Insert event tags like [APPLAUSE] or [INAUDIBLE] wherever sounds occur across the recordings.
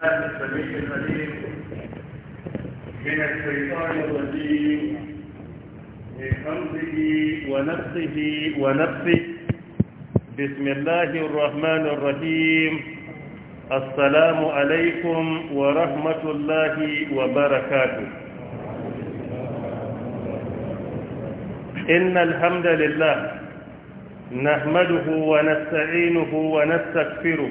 السميع العليم من الشيطان الرجيم بحمده ونفسه ونفسه بسم الله الرحمن الرحيم السلام عليكم ورحمة الله وبركاته إن الحمد لله نحمده ونستعينه ونستغفره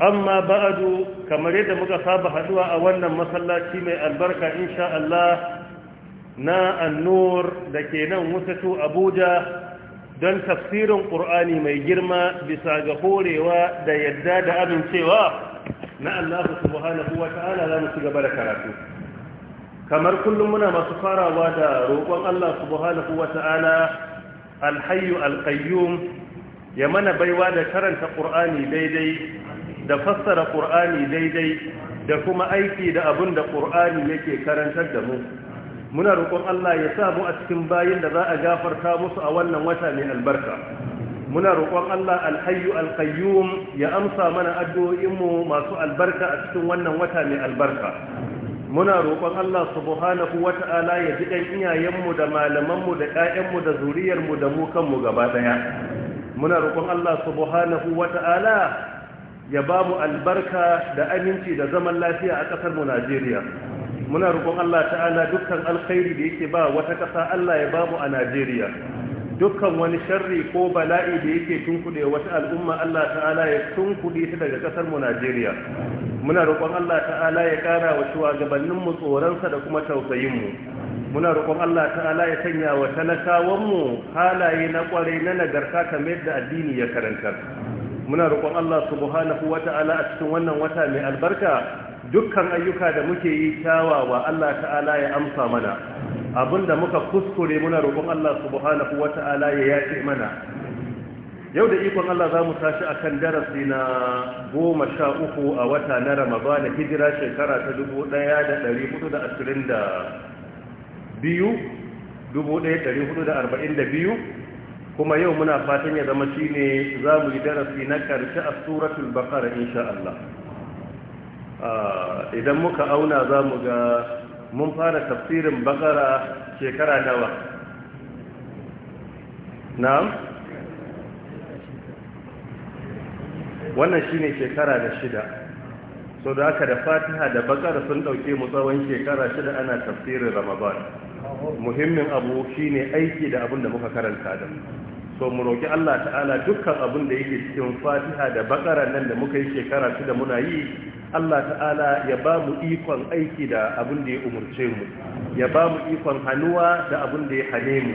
amma ba'adu kamar yadda muka saba haduwa a wannan masallaci mai albarka insha Allah na annur da ke nan wutatu abuja don tafsirin ƙur'ani mai girma bisa ga horewa da yadda da amincewa na Allah subhanahu wa ta'ala za mu ci gaba da karatu kamar kullum muna masu farawa da roƙon Allah subhanahu wa ta'ala alhayyu alqayyum ya mana baiwa da karanta ƙur'ani daidai da fassara ƙur'ani daidai da kuma aiki da abin da ƙur'ani yake karantar da mu muna roƙon Allah ya sa mu a cikin bayin da za a gafarta musu a wannan wata mai albarka muna roƙon Allah alhayyu alqayyum ya amsa mana addu'o'inmu masu albarka a cikin wannan wata mai albarka muna roƙon Allah subhanahu wata'ala ya ji ɗan iyayenmu da malamanmu da ƴaƴanmu da zuriyarmu da mu kanmu gaba ɗaya muna roƙon Allah subhanahu wata'ala ya ba mu albarka da aminci da zaman lafiya a ƙasar mu Najeriya muna roƙon Allah ta'ala dukkan alkhairi da yake ba wata ƙasa Allah ya ba mu a Najeriya dukkan wani sharri ko bala'i da yake tunkuɗe wata al'umma Allah ta'ala ya tunkuɗe ta daga ƙasar Najeriya muna roƙon Allah ta'ala ya ƙara wa shugabannin mu tsoronsa da kuma tausayin mu muna roƙon Allah ta'ala ya sanya wa talakawan mu halaye na ƙwarai na nagarta kamar yadda addini ya karantar muna roƙon Allah subhanahu wata'ala a cikin wannan wata mai albarka dukkan ayyuka da muke yi kyawawa Allah ta'ala ya amsa mana abinda muka kuskure muna roƙon Allah subhanahu wata'ala ya yafe mana yau da ikon Allah za mu tashi a kan darasi na goma sha uku a wata na Ramadan hijira shekara ta dubu ɗaya da ɗari hudu da ashirin da biyu dubu ɗaya ɗari hudu da arba'in da biyu kuma yau muna fatan ya zama shi ne za mu yi darasi na ƙarshe a suratul baqara insha Allah ah, idan muka auna za mu ga mun fara tafsirin baqara shekara nawa na'am wannan shine shekara da shida so da aka da fatiha da baqara sun ɗauke mu tsawon shekara shida ana tafsirin ramadan muhimmin abu shine aiki da abin da muka karanta da so mu roki Allah ta'ala dukkan abin da yake cikin Fatiha da Bakara nan da muka yi shekara da muna yi Allah ta'ala ya ba mu ikon aiki da abin da ya umarce mu ya ba mu ikon hannuwa da abin da ya hane mu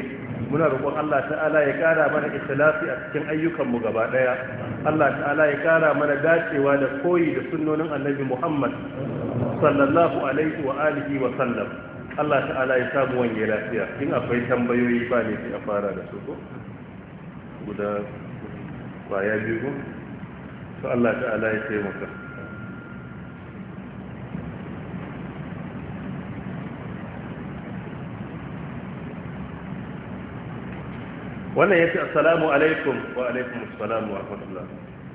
muna roƙon Allah ta'ala ya ƙara mana ikhlasi a cikin ayyukan mu gaba ɗaya Allah ta'ala ya ƙara mana dacewa da koyi da sunnonin Annabi Muhammad sallallahu alaihi wa alihi wa sallam Allah ta'ala ya samu wani lafiya in akwai tambayoyi ba ne sai fara da su ko guda baya biyu to Allah ta'ala ya taimaka wannan yace assalamu alaikum wa alaikum assalam wa rahmatullah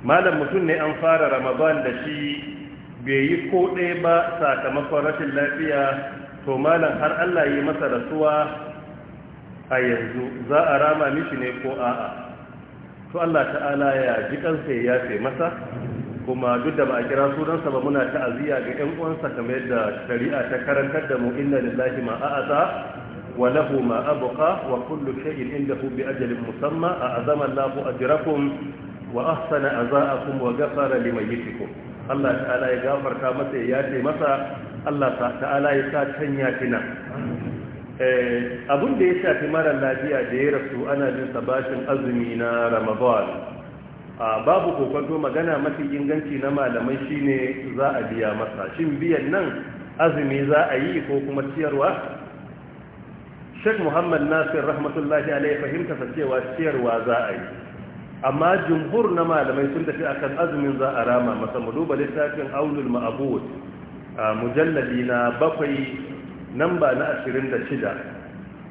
malam mutum ne an fara ramadan da shi bai yi ko ɗaya ba sakamakon rashin lafiya to malam har Allah yi masa rasuwa a yanzu za a rama mishi ne ko a'a to Allah ta'ala ya ji kansa ya yafe masa kuma duk da ba a kira sunansa ba muna ta'aziyya ga ƴan uwansa kamar yadda shari'a ta karantar da mu inna lillahi ma a'ata wa lahu ma abqa wa kullu shay'in indahu bi ajalin musamma a'azama Allahu ajrakum wa ahsana azaakum wa ghafara limayyitikum Allah ta'ala ya gafarta masa ya yafe masa Allah ta'ala ya sa tanya kina Eh, abin da ya shafi mara lafiya da ya rasu ana jin sabashin azumi na ramadan babu kokonto magana mafi inganci na malamai shine za a biya masa shin biyan nan azumi za a yi ko kuma ciyarwa sheikh muhammad nasir rahmatullahi alaihi fahimta ta cewa ciyarwa za a yi amma jumhur na malamai sun tafi akan azumin za a rama masa mu duba littafin aulul ma'abud mujalladi na bakwai nan ba na shida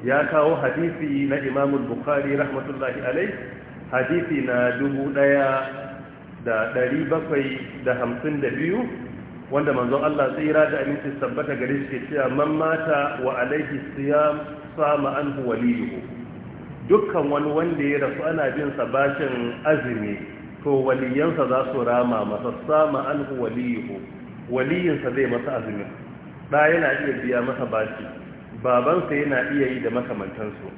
ya kawo hadisi na imamul bukhari rahmatullahi alai hadisi na da da hamsin biyu. wanda manzon Allah tsira da aminci tabbata gari suke cewa man mata wa alaihi siyam sama anhu waliyuhu dukkan wani wanda ya rasu ana bin sa bashin azumi to waliyansa za su rama masa sama anhu waliyuhu waliyinsa zai masa azumin ɗa yana iya biya masa bashi babansa yana iya yi da makamantansu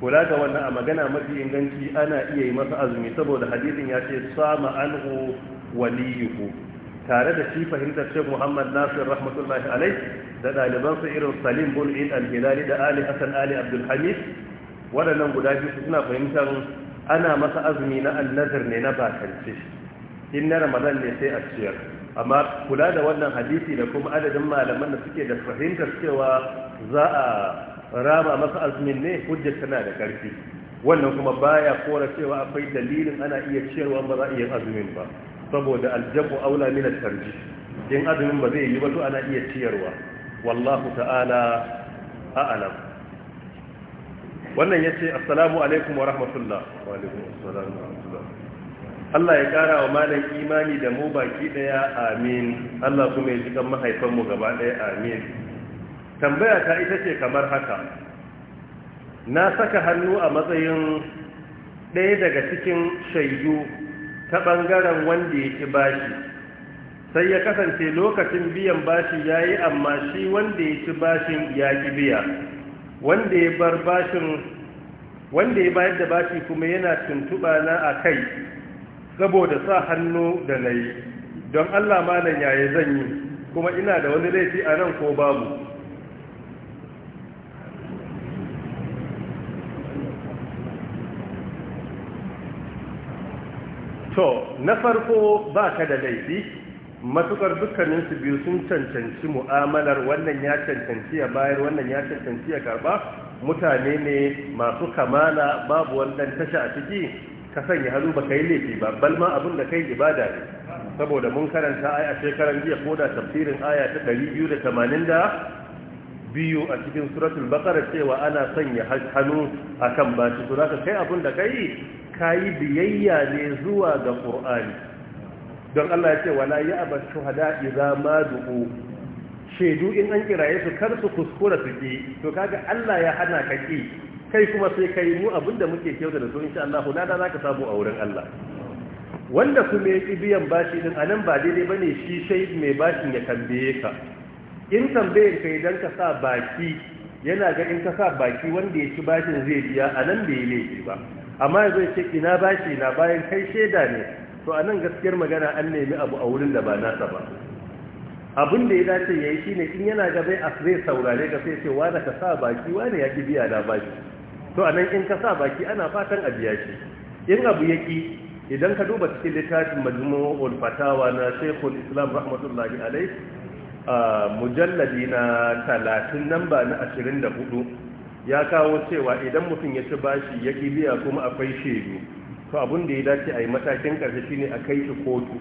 kula da wannan a magana mafi inganci ana iya yi masa azumi saboda hadisin ya ce sama anhu waliyuhu tare da shi fahimtar shek muhammad nasir rahmatullahi alai da ɗalibansa irin salim bin id al-hilali da ali hassan ali abdulhamid waɗannan guda biyu suna fahimtar ana masa azumi na annazir ne na bakance in na ramadan ne sai a ciyar amma kula da wannan hadisi da kuma adadin malaman da suke da fahimtar cewa za a rama masa azumin ne hujjar tana da ƙarfi wannan kuma baya kora cewa akwai dalilin ana iya cewa ba za a iya azumin ba saboda aljabu aula min tarji in azumin ba zai yi ba to ana iya ciyarwa wallahu ta'ala a'lam wannan yace assalamu alaikum wa rahmatullah wa alaikum assalam Allah ya ƙara wa malam imani da mu baki ɗaya amin Allah kuma ya jikan mahaifanmu gaba ɗaya amin tambaya ta ita ce kamar haka na saka hannu a matsayin ɗaya daga cikin shaidu ta ɓangaren wanda ya ki bashi sai ya kasance lokacin biyan bashi ya yi amma shi wanda ya ci bashin ya ki biya wanda ya bar bashin wanda ya bayar da bashi kuma yana tuntuɓa na a kai saboda sa hannu da na yi don allah malam yayi zan yi kuma ina da wani laifi a nan ko babu to na farko ba ka da laifi matukar dukkanin su biyu sun cancanci mu'amalar wannan ya cancanci ya bayar wannan ya cancanci ya karba mutane ne masu kamana babu wannan tasha a ciki ka sanya hannu ba ka yi laifi ba bal ma abin da kai ibada ne saboda mun karanta aya shekaran jiya ko da tafsirin aya ta 282 a cikin suratul baqara cewa ana sanya hannu akan bashi to zaka kai abin da kai kayi biyayya ne zuwa ga qur'ani don Allah ya ce wala ya'ba shuhada idza ma du'u shedu in an kiraye su kar su kuskura su ki to kaga Allah ya hana ka ki kai kuma sai kai mu da muke kyauta da su insha Allah da zaka samu a wurin Allah wanda kuma ya ki biyan bashi din anan ba daidai bane shi sai mai bashin ya tambaye ka in tambayen ka idan ka sa baki yana ga in ka sa baki wanda ya ci bashin zai biya anan bai yi laifi ba amma yanzu ya ce ina bashi na bayan kai shaida ne to anan gaskiyar magana an nemi abu a wurin da ba nasa ba abin da ya dace ya yi shi ne in yana ga bai a zai saurare ka sai ce wane ka sa baki ne ya ki biya na baki to anan in ka sa baki ana fatan a biya shi in abu ya yaki idan ka duba cikin littafin majmu'ul fatawa na shaykhul islam rahmatullahi a mujalladi na talatin namba na ashirin da hudu, ya kawo cewa idan mutum ya ci bashi ya ki biya kuma akwai shaidu to abin da ya dace a yi matakin ƙarshe ne a kai shi kotu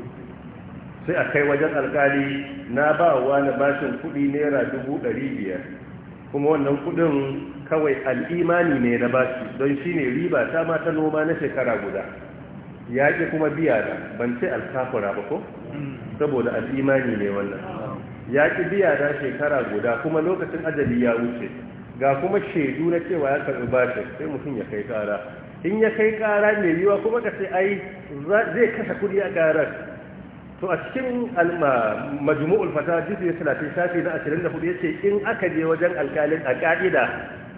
sai a kai wajen alkali na ba wa na bashin kuɗi naira dubu ɗari biyar kuma wannan kuɗin kawai al'imani ne na bashi don shi ne riba ta mata noma na shekara guda ya ƙi kuma biya da ban ce alkafura ba ko saboda al'imani ne wannan ya ƙi biya da shekara guda kuma lokacin ajali ya wuce ga kuma shaidu na cewa ya karɓi bashi sai mutum ya kai ƙara in ya kai ƙara mai yiwa kuma ka ce ai zai kashe kuɗi a ƙarar to a cikin majmu'ul fata jisu ya talatin shafi na ashirin da hudu ya ce in aka je wajen alkalin a ƙa'ida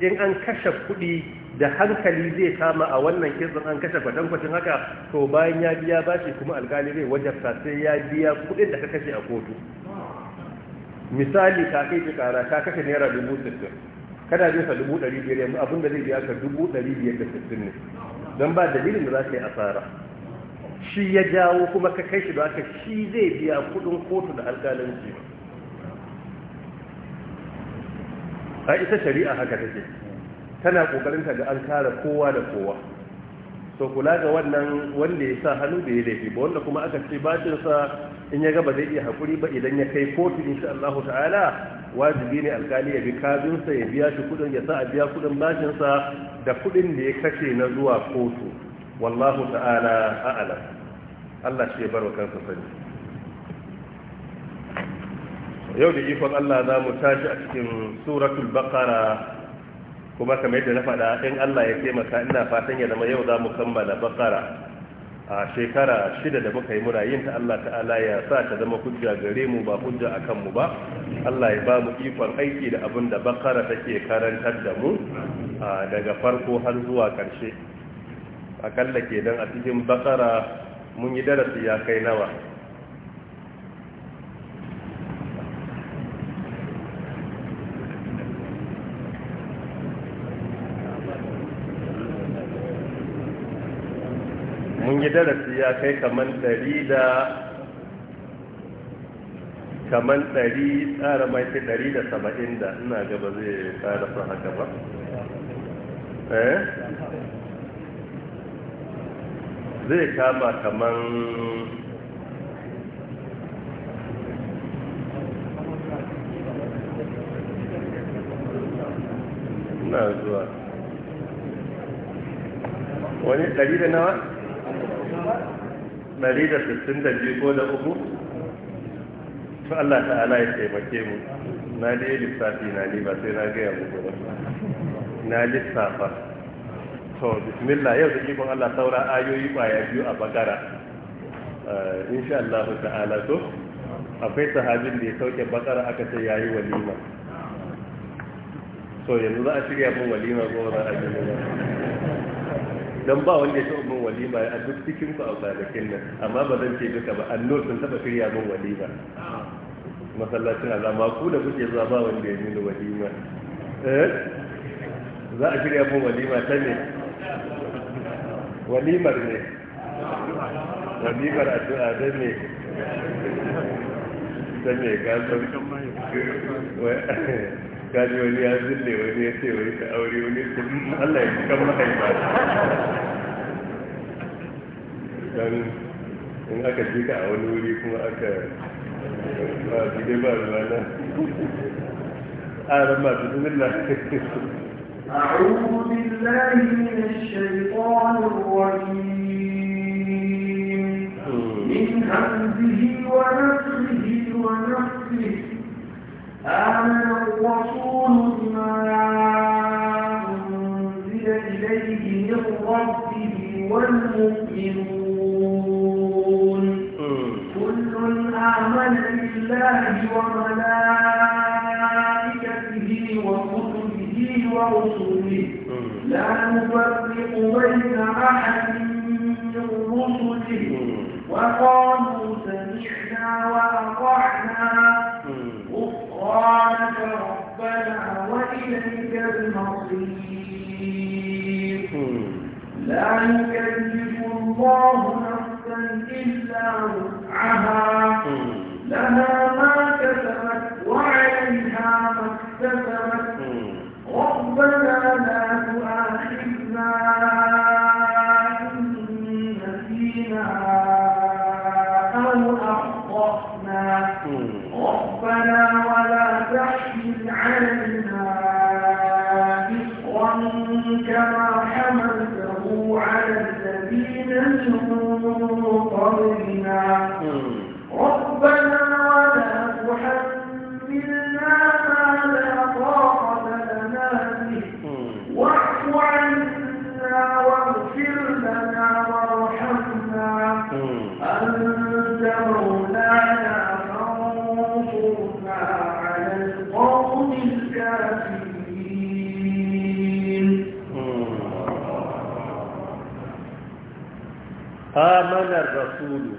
in an kashe kuɗi da hankali zai kama a wannan kirtsin an kashe kwatankwacin haka to bayan ya biya bashi kuma alkali zai wajabta sai ya biya kuɗin da ka kashe a kotu misali ka kai kara ka kashe naira dubu sittin kana jinsa dubu ɗari biyar yanzu abin da zai biya ka dubu ɗari biyar da sittin ne don ba dalilin da za ka yi asara shi ya jawo kuma ka kai shi ba ka shi zai biya kuɗin kotu da alkalanci a ita shari'a haka take tana kokarin ga an kare kowa da kowa so kula ga wannan wanda ya sa hannu da ya laifi ba wanda kuma aka ce bacinsa in ya gaba zai iya hakuri ba idan ya kai kotu insha Allah ta'ala wajibi ne alkali ya bi kazin ya biya shi kudin ya sa a biya kudin bacinsa da kudin da ya kashe na zuwa kotu wallahu ta'ala a'lam Allah shi ya bar wa kansa sani yau da ikon Allah za mu tashi a cikin suratul baqara kuma kamar yadda na faɗa in Allah ya taimaka ina fatan ya zama yau za mu kammala baqara a shekara shida da muka yi muna yin ta Allah ta'ala ya sa ta zama hujja gare mu ba hujja a kanmu ba Allah ya ba mu ikon aiki da abin da baqara take karantar da mu daga farko har zuwa ƙarshe akalla kenan a cikin baqara mun yi darasi ya kai nawa darasi ya kai kaman ɗari da kaman ɗari tsara mai fi ɗari da saba'in da ina gaba zai tsara su haka ba eh zai kama kaman ina zuwa wani ɗari da nawa 162 ko da uku to Allah ta'ala ya taimake mu na da yi lissafi na ne ba sai na gaya muku ba na lissafa to bismillah yau da ikon Allah saura ayoyi kwaya biyu a bakara eh, insha Allah ta'ala to akwai sahabin da ya sauke bakara aka ce yayi walima so yanzu za a shirya mun walima ko za a ji don ba wanda ya taɓa min walima a duk cikin ku a kwanakin nan amma ba zan ce duka ba annur sun taɓa shirya min walima masallacin zama ku da kuke zuwa ba wanda ya nuna walima eh? za a shirya min walima ta ne walimar ne walimar addu'a ta ne ta ne gasar [LAUGHS] kaji wani ya zille wani ya ce wani ta aure wani ya ce Allah ya kan mahaifa dan in aka ji ka a wani wuri kuma aka ba a dai ba ruwa na a rama su zilla أعوذ بالله من الشيطان الرجيم من همزه ونفسه آمن الرسول بما أنزل إليه من ربه والمؤمنون كل آمن بالله وملائكته وكتبه ورسله لا نفرق أنت amanar rasulu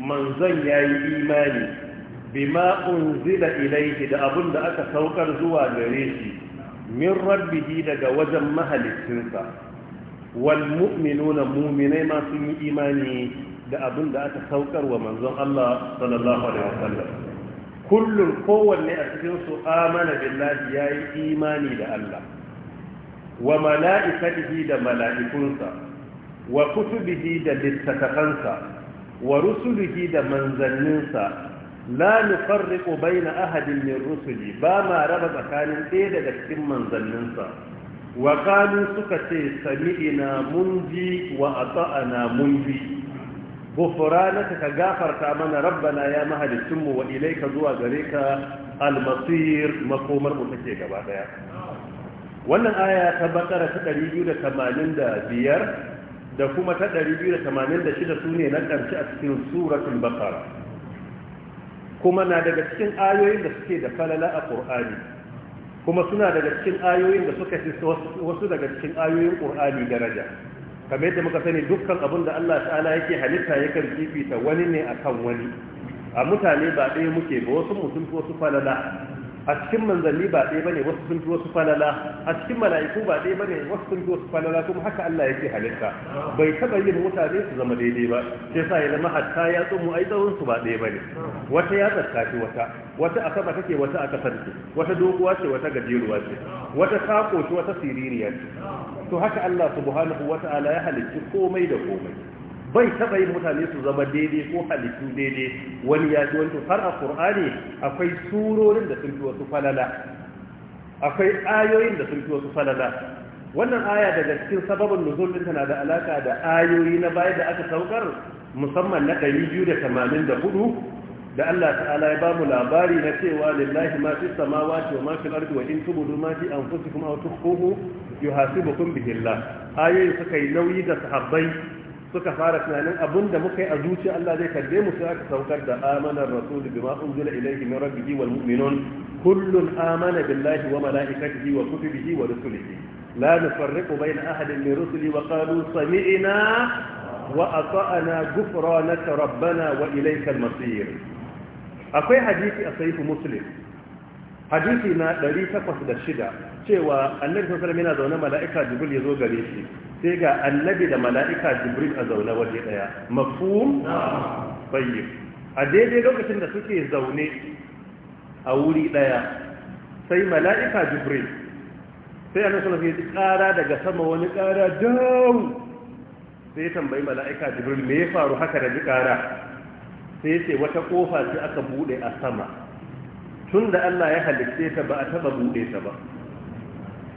manzon ya yi imani bima unzila ilaihi da abin da aka saukar zuwa gare shi min rabbihi daga wajen mahalicinsa wal mu'minuna mu'minai ma sun yi imani da abin da aka saukar wa manzon Allah sallallahu alaihi wasallam kullum kowanne a cikin su amana billahi yayi imani da Allah wa mala'ikatihi da mala'ikunsa wa kutubihi da littattafansa wa rusulihi da manzanninsa la nufarriqu baina ahadin min rusuli ba ma raba tsakanin ɗaya daga cikin manzanninsa wa qalu suka ce sami'na munji wa ata'na munji na ka gafarta mana rabbana ya mahalicinmu wa ilaika zuwa gare ka almasir makomar mu take gaba daya wannan aya ta bakara ta 285 da kuma ta 286 su ne na ƙarshe a cikin suratun bakara kuma na daga cikin ayoyin da suke da falala a ƙor'ani kuma suna daga cikin ayoyin da suka fi wasu daga cikin ayoyin qur'ani daraja kamar yadda muka sani dukkan abin da Allah ta'ala yake halitta yakan fifita wani ne akan wani a mutane ba ɗaya muke ba wasu mutum ko su falala a cikin manzanni ba ɗaya bane wasu sun wasu falala a cikin mala'iku ba ɗaya bane wasu sun wasu falala kuma haka Allah ya yake halitta bai taɓa yin mutane su zama daidai ba sai sa ya zama hatta ya tsumu ai tsawon su ba ɗaya bane wata ya tsarkafi wata wata a sama take wata a kasar ce wata doguwa ce wata gajeruwa ce wata sako ce wata siririya ce to haka Allah subhanahu wata'ala ya halicci komai da komai bai taba yin mutane su zama daidai ko halittu daidai wani ya ji wani har a ƙur'ani akwai surorin da sun fi wasu falala akwai ayoyin da sun fi wasu falala wannan aya daga cikin sababin nuzul din tana da alaka da ayoyi na baya da aka saukar musamman na ɗari 284 da da hudu, Allah ta'ala ya bamu labari na cewa lillahi ma fi samawati wa ma fi ardi wa in tubudu ma fi anfusikum aw tukhfuhu yuhasibukum bihi Allah ayoyin suka yi nauyi ga sahabbai suka fara tunanin abin da muka yi a zuci Allah zai karbe mu sai aka saukar da amanar rasul bima unzila ilayhi min rabbihi wal mu'minun kullun amana billahi wa malaikatihi wa kutubihi wa rusulihi la nufarriqu bayna ahadin min rusuli wa qalu sami'na wa ata'na ghufranaka rabbana wa ilaykal masir akwai hadisi a sahih muslim hadisi na 806 cewa annabi sallallahu alaihi yana zaune mala'ika jibril ya zo gare shi sai ga annabi da mala'ika jibril a zaune waje daya mafhum tayyib a daidai lokacin da suke zaune a wuri daya sai mala'ika jibril sai annabi sallallahu alaihi ya kara daga sama wani kara down sai tambayi mala'ika jibril me ya faru haka da ji kara sai ce wata kofa ce aka bude a sama tunda Allah ya halitta ta ba a taba bude ta ba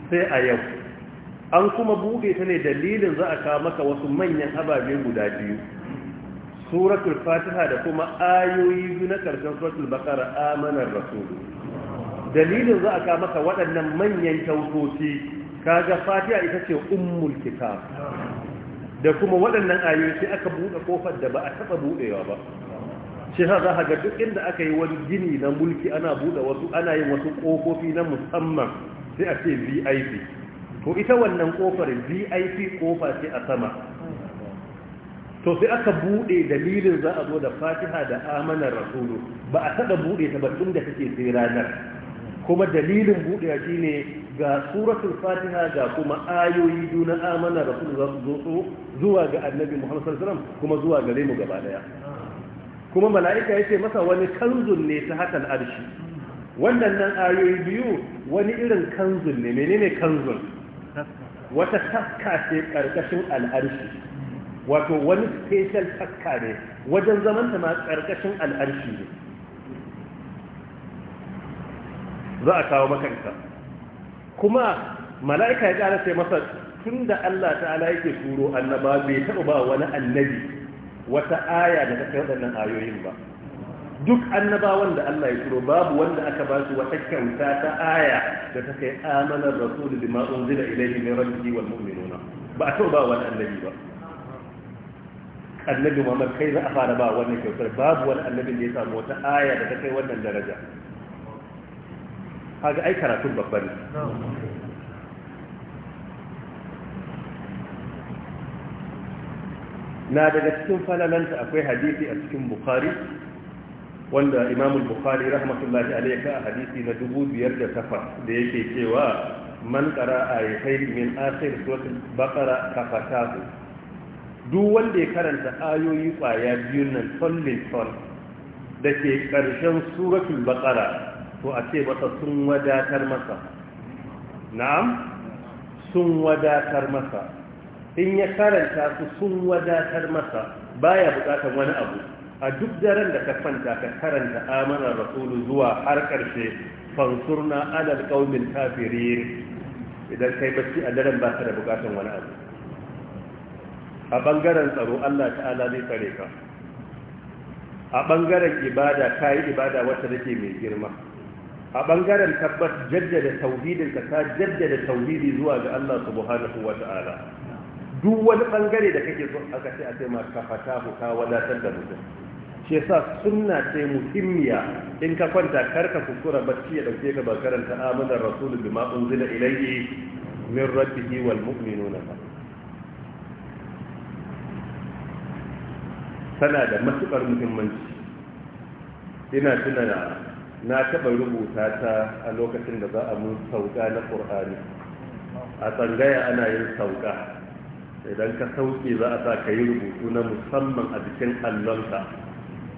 sai a yau an kuma buɗe ta ne dalilin za a kawo maka wasu manyan ababe guda biyu suratul fatiha da kuma ayoyi biyu na karshen suratul bakara amanar rasulu dalilin za a kawo maka waɗannan manyan kyautoci kaga fatiha ita ce ummul kitab da kuma waɗannan ayoyi sai aka buɗe kofar da ba a taɓa buɗewa ba shi ha za ga duk inda aka yi wani gini na mulki ana buɗe wasu ana yin wasu ƙofofi na musamman sai a ce vip to ita wannan kofar vip kofa ce a sama to sai aka bude dalilin za a zo da fatiha da amanar rasulu ba a taɓa bude ta ba tun da take sai ranar kuma dalilin buɗewa shine ga suratul fatiha ga kuma ayoyi duna amana rasulu za su zo zuwa ga annabi muhammad sallallahu kuma zuwa gare mu gaba daya kuma mala'ika yace masa wani kanzun ne ta hakan arshi nan ayoyi biyu wani irin kanzul ne menene kanzul wata taska ce ƙarƙashin al'arshi wato wani special taska ne wajen zamanta ma ƙarƙashin al'arshi ne za a kawo makanta kuma mala'ika ya ƙara sai masa tun da Allah ta'ala yake turo annaba bai taɓa ba wani annabi wata aya da ta kai waɗannan ayoyin ba duk annabawan da Allah ya turo babu wanda aka ba su wata kyauta ta aya da ta kai amanar rasulu bima unzila ilayhi min rabbihi wal mu'minuna ba a ba wani annabi ba annabi Muhammad kai za a fara ba wani kyautar babu wani annabin da ya samu wata aya da ta kai wannan daraja kaga ai karatun babban. ne na daga cikin falalanta akwai hadisi a cikin bukhari wanda imamul bukhari rahmatullahi alayhi ka a hadisi na 2008 da yake cewa man qara ayatayn min akhir suratul baqara kafatahu duk wanda ya karanta ayoyi kwaya biyun nan tallin toll da ke karshen suratul baqara to a ce masa sun wadatar masa na'am sun wadatar masa in ya karanta su sun wadatar masa baya bukatar wani abu a duk daren da ka kwanta ka karanta amanar rasulu zuwa har karshe fansurna alal qaumin kafirin idan kai bacci a daren ba ka da bukatan wani abu a bangaren tsaro Allah ta'ala zai tsare ka a bangaren ibada kayi ibada wacce take mai girma a bangaren tabbas jaddada tauhidin ka ta jaddada tauhidi zuwa ga Allah subhanahu wata'ala duk wani bangare da kake son aka ce a ce ma ka fata ku ka wadatar da mutum shi yasa sunna ce muhimmiya in ka kwanta karka kuskura bacci ya dauke ka ba karanta amanar rasulun ma unzila ilayhi min rabbihi wal mu'minuna ba tana da matukar muhimmanci ina tuna na taɓa rubuta ta a lokacin da za a mun sauka na ƙur'ani a tsangaya ana yin sauka idan ka sauke za a sa ka yi rubutu na musamman a jikin allonka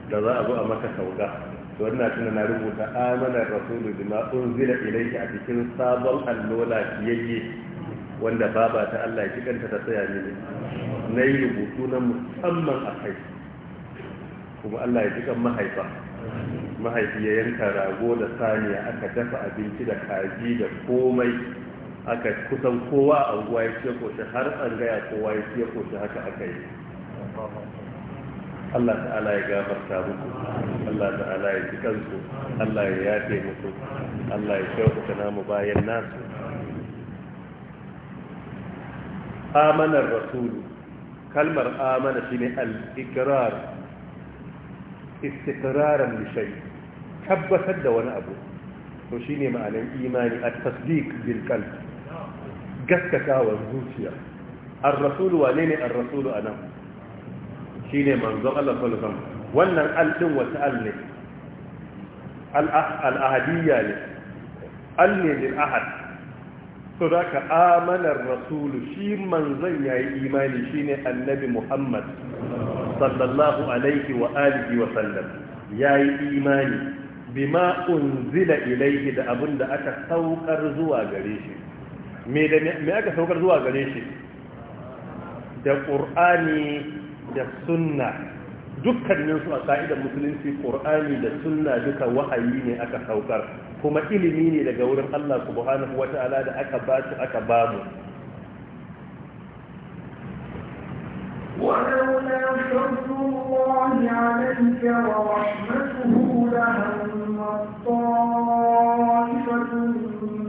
da za a zo a maka sauka to wannan tuna na rubuta amanar rasulu bima unzila ilayka a cikin sabon allo lafiyayye wanda baba ta Allah ya kanta ta tsaya mini na yi rubutu na musamman a kai kuma Allah ya jikan mahaifa mahaifi ya yanka rago da saniya aka dafa abinci da kaji da komai aka kusan kowa a unguwa ya ce koshi har an gaya kowa ya ce koshi haka aka yi Allah ta'ala ya gafarta muku Allah ta'ala ya ji kansu Allah ya yafe muku Allah ya kyautata namu bayan nasu amanar rasulu kalmar amana shine al-ikrar istiqraran li shay tabbatar da wani abu to shine ma'anar imani at-tasdiq bil qalb gaskatawar zuciya ar-rasulu wa ne ar-rasulu anan shine manzon Allah sallallahu alaihi wasallam wannan al-din wata al ne al-ahadiyya ne al ne lil ahad su zaka amana ar-rasulu shi manzon yayi imani shi ne annabi Muhammad sallallahu alaihi wa alihi wa sallam Ya yi imani bima unzila ilayhi da abinda aka saukar zuwa gare shi me da me aka saukar zuwa gare shi da qur'ani da sunna dukkanin su a ka'idar musulunci qur'ani da sunna duka wahayi ne aka saukar kuma ilimi ne daga wurin Allah subhanahu wata'ala da aka ba su aka ba mu ولولا فضل الله عليك ورحمته لهم الطائفة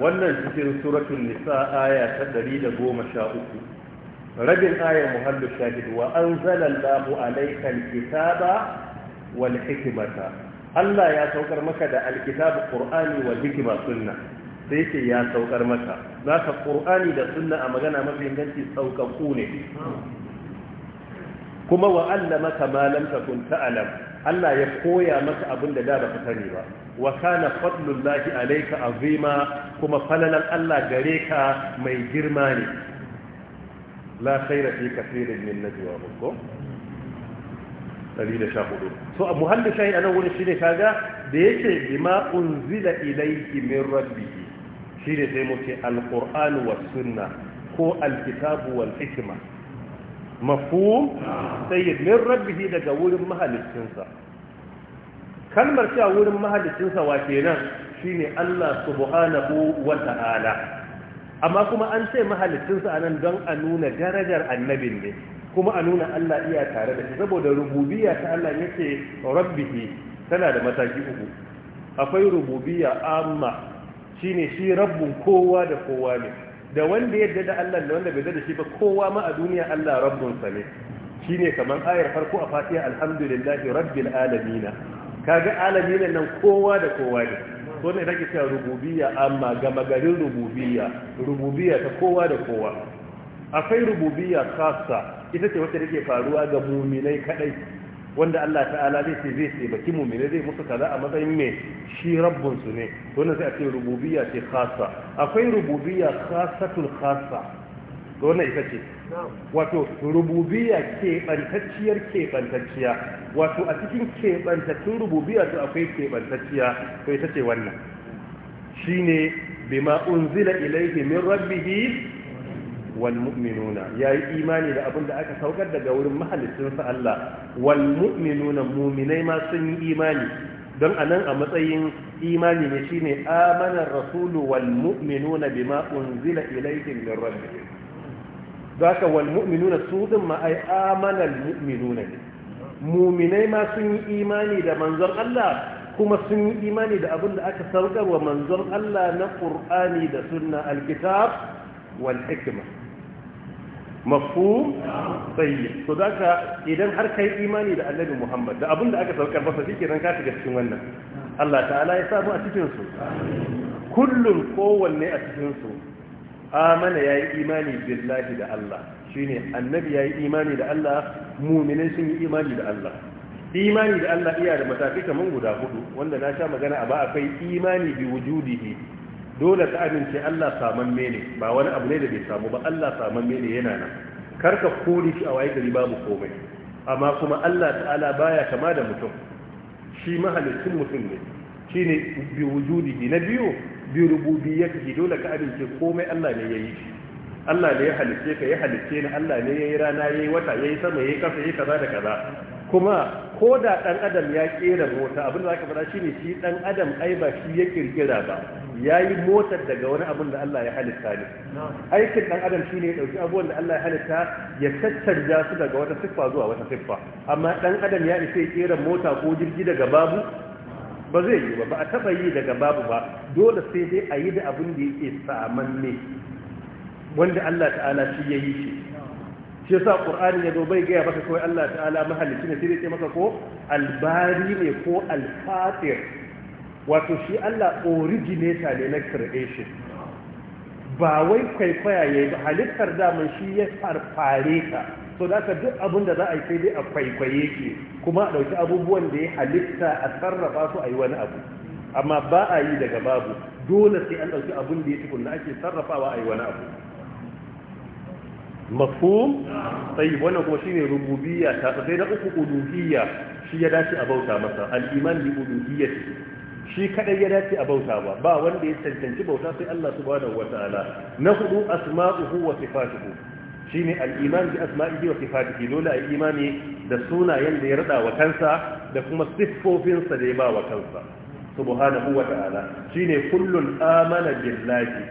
wannan cikin suratul nisa aya ta 113 rabin ayar muhallu shahid wa anzala Allahu alayka alkitaba wal hikmata Allah ya saukar maka da alkitab qur'ani wal hikma sunna sai ce ya saukar maka zaka qur'ani da sunna a magana mafi inganci saukaku ne kuma wa allamaka ma lam takun ta'lam Allah ya koya maka abin da da baka sani ba wa kana fadlullahi alayka azima kuma falalan Allah gare ka mai girma ne la khayra fi kathirin min najwahum ko shahudu so muhallu shayi anan wani shine kaga da yake bima unzila ilayki min rabbih shine sai mu ce alquran wa sunna ko alkitabu wal hikma mafhum ah. sayyid min rabbih daga wurin mahalicinsa kalmar cewa wurin mahaliccinsa wa kenan shine Allah subhanahu wa ta'ala amma kuma an ce a anan don a nuna darajar annabin ne kuma a nuna Allah iya tare da shi saboda rububiyya ta Allah yake rabbihi tana da mataki uku akwai rububiyya amma shine shi rabbun kowa da kowa ne da wanda yadda da Allah da wanda bai da shi ba kowa ma a duniya Allah rabbun sa ne shine kamar ayar farko a Fatiha alhamdulillahi rabbil alamin kaga alami ne nan kowa da kowa ne so ne take cewa rububiyya amma ga magarin rububiyya rububiyya ta kowa da kowa akwai rububiyya khassa ita ce wacce take faruwa ga muminai kadai wanda Allah ta'ala zai ce zai ce baki mu'mini zai musu kaza a matsayin me shi rabbun su ne wannan sai a ce rububiyya ce khassa akwai rububiyya khassatul khassa wannan ita ce wato rububiyya ke bantacciyar ke bantacciya wato a cikin keɓantattun rububiya su akwai keɓantacciya to ita ce wannan shine bima unzila ilaihi min rabbihi wal mu'minuna yayi imani da abin da aka saukar daga wurin mahaliccinsa Allah wal mu'minuna mu'minai ma sun yi imani don anan a matsayin imani ne shine amanar rasulu wal mu'minuna bima unzila ilaihi min rabbihim zaka wal mu'minuna su din ma ai amanar mu'minuna ne muminai ma sun yi imani da manzon Allah kuma sun yi imani da abin da aka saukar wa manzon Allah na ƙur'ani da sunna alkitab wal hikma mafhum tayyib to ka, idan har yi imani da Annabi Muhammad da abin da aka saukar masa shikenan ka shiga cikin wannan Allah ta'ala ya samu a cikinsu. kullum kowanne a cikinsu, su amana yayi imani billahi da Allah shine annabi yayi imani da Allah mu'minai sun yi imani da Allah imani da Allah iya da matafi kaman guda hudu wanda na sha magana a ba akwai imani bi wujudihi dole ka amince Allah samamme ne ba wani abu ne da bai samu ba Allah samamme ne yana nan karka kore shi a wayi gari babu komai amma kuma Allah ta'ala baya kama da mutum shi mahalicin mutum ne shine bi wujudihi na biyu bi rububiyyatihi dole ka amince komai Allah ne yayi shi Allah ne ya halicce ka ya halicce ni Allah ne ya yi rana ya yi wata ya yi sama ya yi kasa ya yi kaza da kaza kuma ko da ɗan adam ya ƙera mota abin da za ka faɗa shi ne shi ɗan adam ai ba shi ya ƙirƙira ba ya yi motar daga wani abin da Allah ya halitta ne aikin ɗan adam shi ya ɗauki abubuwan da Allah ya halitta ya caccanja su daga wata siffa zuwa wata siffa amma ɗan adam ya isa ya ƙera mota ko jirgi daga babu ba zai yi ba ba a taɓa yi daga babu ba dole sai dai a yi da abin da yake samanne wanda Allah ta'ala shi ya yi shi shi yasa qur'ani ya zo bai gaya maka kawai Allah ta'ala mahalicci ne sai dai maka ko albari ne ko alfatir wato shi Allah originator ne na creation ba wai kwaikwaya yayi ba halittar da mai shi ya farfare ka so da ka duk abin da za a yi sai dai a kwaikwaye ki, kuma a ɗauki abubuwan da ya halitta a sarrafa su a yi wani abu amma ba a yi daga babu dole sai an ɗauki abun da ya tukunna ake sarrafawa a yi wani abu mafhum Sai wannan kuma shine rububiyya ta sai na uku uluhiyya shi ya dace a bauta masa al-iman bi uluhiyyati shi kadai ya dace a bauta ba ba wanda ya cancanci bauta sai Allah subhanahu wataala na hudu asma'uhu wa sifatuhu shine al-iman bi asma'ihi wa sifatihi dole ai imani da sunayen da ya rada wa kansa da kuma siffofinsa da ya ba wa kansa subhanahu wataala shine kullun amana billahi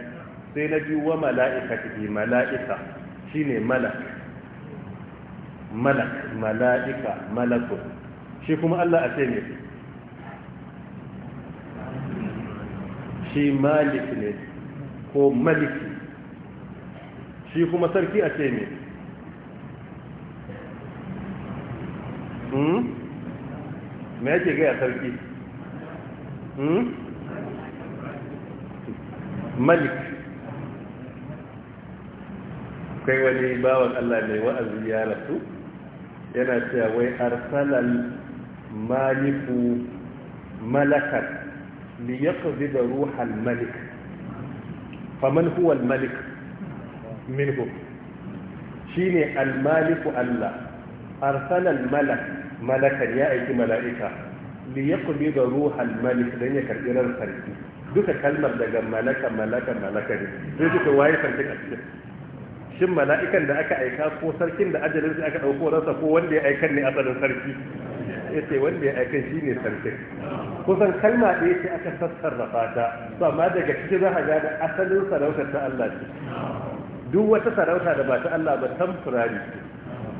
sai na biyu wa mala'ikatihi mala'ika shine malak malak mala'ika malakun shi kuma Allah a ce ne shi malik ne ko maliki shi kuma sarki a ce ne hmm? me yake gaya sarki hmm? malik akwai wani bawan Allah mai wa'azi ya rasu yana cewa wai arsalal maliku malakan li yaqdi da ruhal malik faman huwa al malik minhu shi ne almaliku Allah arsalal malak malakan ya aiki mala'ika li yaqdi da ruhal malik dan ya karɓi ran sarki duka kalmar daga malaka malaka malaka ne sai duka waye sarki a cikin shin mala'ikan da aka aika ko sarkin da ajalin sai aka dauko ransa ko wanda ya aikan ne asalin sarki Ya ce wanda ya aikan ne sarkin kusan kalma ɗaya ce aka sassarrafa ta to amma daga cikin za a gada asalin sarauta ta Allah ce duk wata sarauta da ba ta Allah ba tamfurari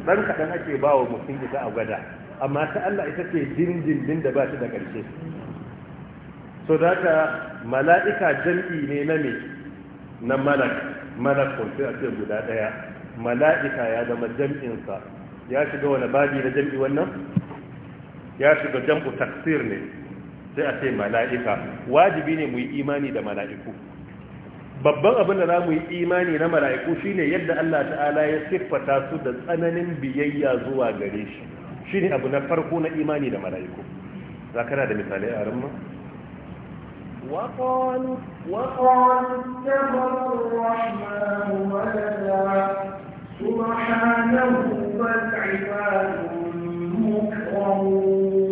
dan kaɗan ake ba wa mutum ita a gada amma ta Allah ita ce dindindin da ba ta da ƙarshe so da mala'ika jam'i ne na me na malak malak sai a ce guda daya mala'ika ya zama jam'insa ya shiga wani babi na jam'i wannan ya shiga jam'u taksir ne sai a ce mala'ika wajibi ne mu yi imani da mala'iku babban abin da za mu yi imani na mala'iku shine yadda Allah ta'ala ya siffata su da tsananin biyayya zuwa gare shi shine abu na farko na imani da mala'iku za kana da misalai a ramma وقالوا وقالوا اتخذ الرحمن ولدا سبحانه بل عباد مكرمون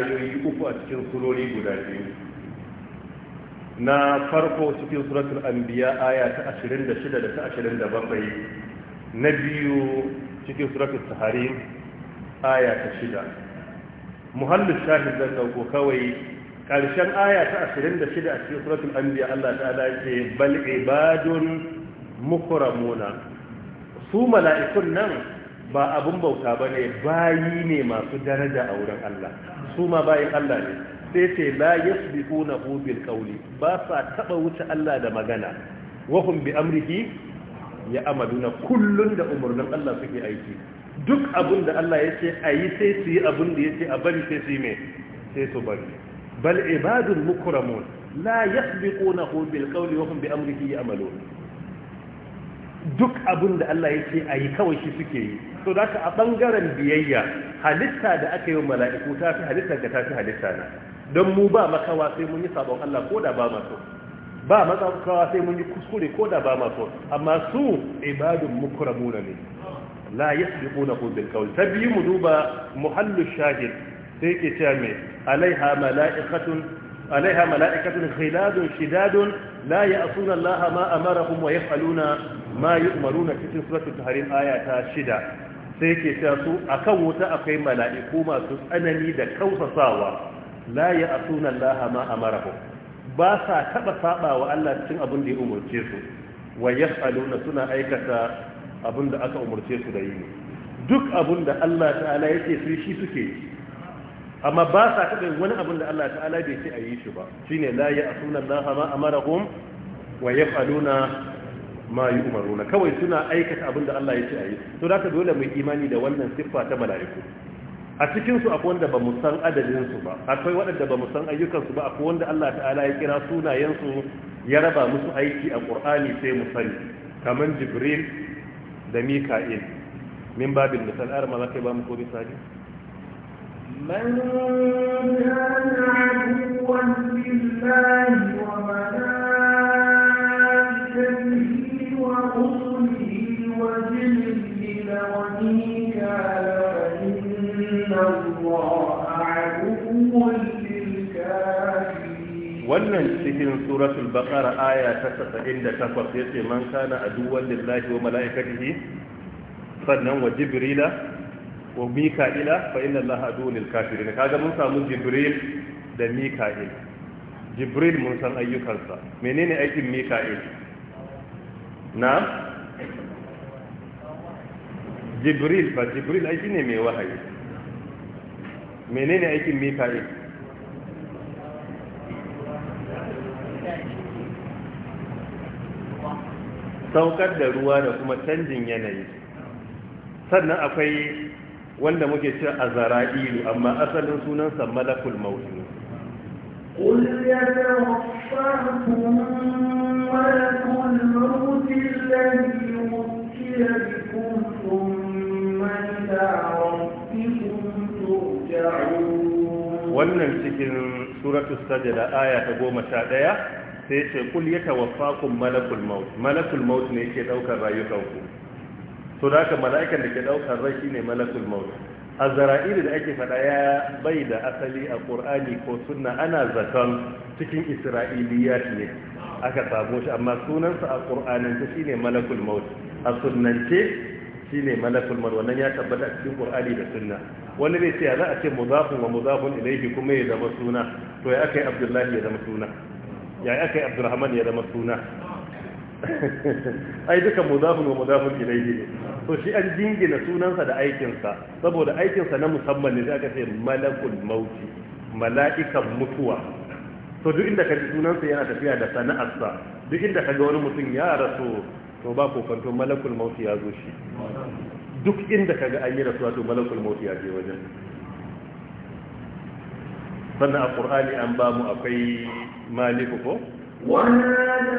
ayoyi uku a cikin surori guda biyu na farko cikin suratul anbiya aya ta 26 da ta 27 na biyu cikin suratul taharim aya ta 6 muhallin shahid zan dauko kawai karshen aya ta 26 a cikin suratul anbiya Allah ta'ala yake bal ibadun mukramuna su mala'ikun nan ba abun bauta bane bayi ne masu daraja a wurin Allah su ma bayan Allah ne sai ce la yasbiqunahu bil qawli ba sa taba wuce Allah da magana wa hum bi amrihi ya amaluna kullun da umurnin Allah suke aiki duk abin da Allah ya ce a yi sai su yi abin da ya ce a bari sai su yi mai sai su bari bal ibadun mukramun la yasbiqunahu bil qawli wa hum bi amrihi ya'malun duk abin da Allah ya ce a yi kawai shi suke yi so da a bangaren biyayya halitta da aka yi mala'iku ta fi halitta da ta fi halitta na don mu ba makawa sai mun yi sabon Allah ko da ba maso ba makawa sai mun yi kuskure ko da ba maso amma su ibadun mukramuna ne la yasbiquna kawai. Ta tabi mu duba muhallu shahid sai ke cewa me alaiha mala'ikatun alaiha mala'ikatun khiladun shidadun la ya'suna Allah ma amarahum wa yaf'aluna ma na cikin suratul tahrim ayata shida. sai ke cewa su akan wuta akwai mala'iku masu tsanani da kausasawa la ya asuna laha ma a marahu. ba sa taɓa saba wa Allah cikin abin da ya umarce su wa yaf'aluna suna aikata abin da aka umarce su da yi ne. duk abin da Allah ta'ala ya ce su shi suke yi amma ba sa taɓa wani abin da Allah ta'ala bai ce a yi shi ba shine la ya asuna laha ma a amarahum wa yaf'aluna ma yi umaruna kawai suna aikata abin da Allah ya ce a yi to da dole mu imani da wannan siffa ta mala'iku a cikin su akwai wanda ba mu san adadin su ba akwai waɗanda ba mu san ayyukan su ba akwai wanda Allah ta'ala ya kira sunayen su ya raba musu aiki a Qur'ani sai mu sani kamar Jibril da Mika'il min babin misal ar ma zaka ba mu ko misali man kana cikin suratul baqara aya ta 78 ce man kana aduwwan lillahi wa malaikatihi sannan wa jibrila wa mika'ila fa inna allaha aduwwun lil kafirin kaga mun samu jibril da mika'il jibril mun san ayyukansa menene aikin mika'il na jibril ba jibril aiki ne mai wahayi menene aikin mika'il saukar da ruwa da kuma canjin yanayi sannan akwai wanda muke cewa azara'ilu amma asalin sunansa malakul mautu قل يتوفاكم ملك الموت الذي وكل بكم ثم إلى ربكم ترجعون wannan cikin suratul sajda aya ta ɗaya. sai ce kul ya kun malakul maut malakul maut ne yake daukar rayukanku to da haka mala'ikan da ke daukar rai shine malakul maut azra'il da ake fada ya bai da asali a qur'ani ko sunna ana zakan cikin isra'iliyat ne aka samu shi amma sunansa a qur'anance shine malakul maut a sunnance shine malakul maut wannan ya tabbata a cikin qur'ani da sunna wani zai ce za a ce mudafun wa mudafun ilayhi kuma ya zama suna to ya akai abdullahi ya zama suna ya aka yi abdurrahman ya zama suna [LAUGHS] ai duka mudafin wa mudafin ilaihi ne so shi an jingina sunansa da aikinsa saboda aikinsa na musamman ne sai aka ce malakul mauti mala'ikan mutuwa so duk inda kaji sunansa yana tafiya da sana'arsa duk inda kaga wani mutum ya rasu to ba kokonto malakul mauti ya zo shi duk inda kaga an yi rasuwa to malakul mauti ya je wajen sannan a qur'ani an ba mu akwai maliku ko wannan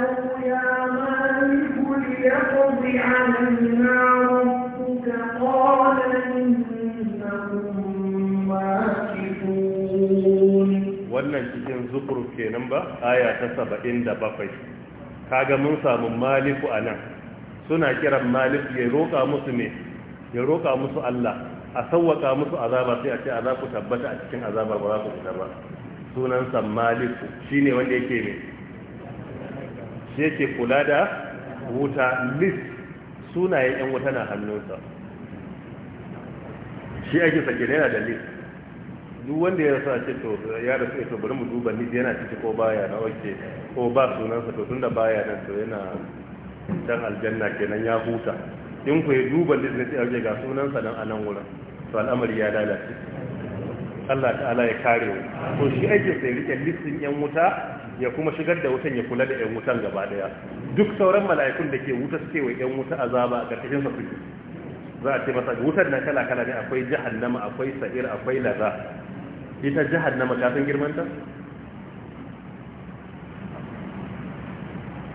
cikin zukuru kenan ba aya ta saba'in da bakwai kaga mun samu maliku a nan suna kiran malik ya roƙa musu ne ya roƙa musu Allah a sauwaka musu azaba sai a ce azaku tabbata a cikin azabar ba za ku fita ba sunansa maliku shine wanda yake ne shi yake kula da wuta lis sunayen yan wuta na hannunsa shi ake sake yana da lis duk wanda ya sa ce to ya rasu ya to bari mu duba ni yana ciki ko baya na oke ko ba sunansa to tunda baya nan to yana dan aljanna kenan ya huta in ku ya duba lis ne sai ga sunansa nan a nan wurin to al'amari ya lalace Allah ta'ala ya kare mu to shi aikin sai rike listin yan wuta ya kuma shigar da wutan ya kula da yan wutan gaba daya duk sauran mala'ikun da ke wuta suke wa yan wuta azaba a karkashin su suke za a ce masa wutar na kala kala ne akwai jahannama akwai sa'ir akwai laza ita jahannama ta san girman ta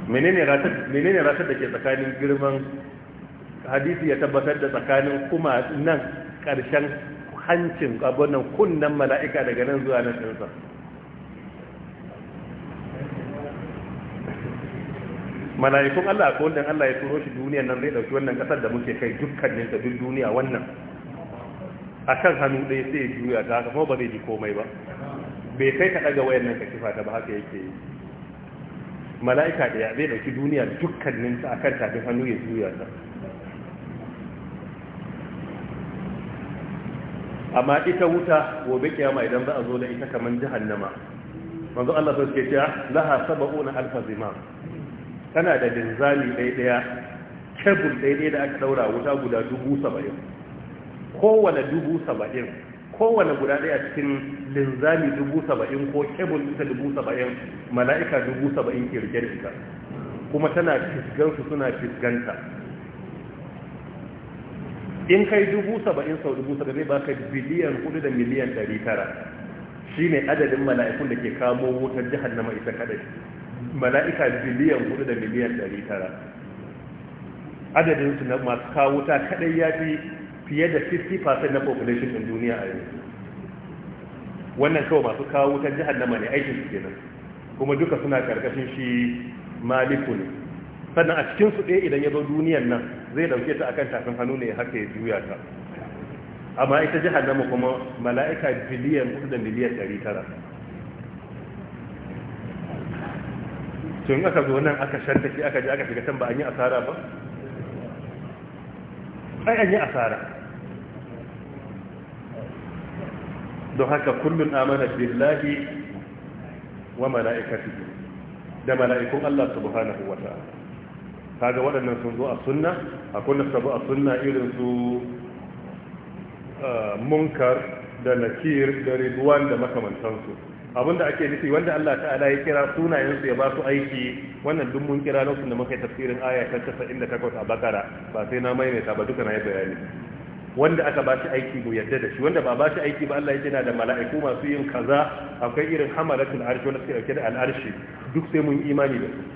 menene ratar menene ratar da ke tsakanin girman hadisi ya tabbatar da tsakanin kuma nan karshen hancin abunan kunnan mala'ika daga nan zuwa nan ɗinsa mala'ikun Allah ko wannan Allah ya turo shi duniya nan zai ɗauki wannan ƙasar da muke kai dukkanin ta duk duniya wannan a kan hannu ɗaya sai ya juya ta haka kuma ba zai ji komai ba bai kai ka ɗaga wayan nan ka kifa ta ba haka yake yi mala'ika ɗaya zai ɗauki duniya dukkanin ta a kan tafin hannu ya juya ta amma ita wuta gobe kiyama idan za a zo da ita kamar jahannama manzo Allah sai ke cewa laha sab'una alf zimam tana da linzami dai daya kebul dai dai da aka daura wuta guda dubu saba'in kowane dubu saba'in kowane guda ɗaya cikin linzami dubu saba'in ko kebul ita dubu saba'in mala'ika dubu saba'in ke ita kuma tana fisgansu suna fisganta in kai dubu saba'in sau dubu saba'in zai baka biliyan hudu da miliyan ɗari tara shi ne adadin mala'ikun da ke kamo wutar jihar jahannama ita kadai mala'ika biliyan hudu da miliyan ɗari tara adadin su na masu kawo wuta kadai ya fi fiye da 50% na population ɗin duniya a yanzu wannan kawai masu kawo wutar jahannama ne aikin su kenan kuma duka suna karkashin shi malikun. sannan a cikin su ɗaya idan ya zo duniyar nan zai dauke ta akan tafin hannu ne haka ya juya ta amma ita jahannama kuma mala'ika biliyan 4 da miliyan 900 tun aka zo nan aka shanta shi aka je aka shiga can ba an yi asara ba ai an yi asara don haka kullun amana billahi wa mala'ikatihi da mala'ikun Allah subhanahu wa ta'ala kaga waɗannan sun zo a sunna a akwai nasabu a sunna irin su eh, munkar da nakir da riduwan da makamantansu abinda ake nufi wanda Allah ta'ala ya kira sunayensu ya ba su aiki wannan duk mun kira nufin da muka yi tafsirin aya ta 98 a bakara ba sai na maimaita ba duka na yi bayani wanda aka ba shi aiki mu yadda da shi wanda ba ba shi aiki ba Allah ya yana da mala'iku masu yin kaza akwai irin hamalatul arshi wanda suke dauke da al'arshi duk sai mun imani da su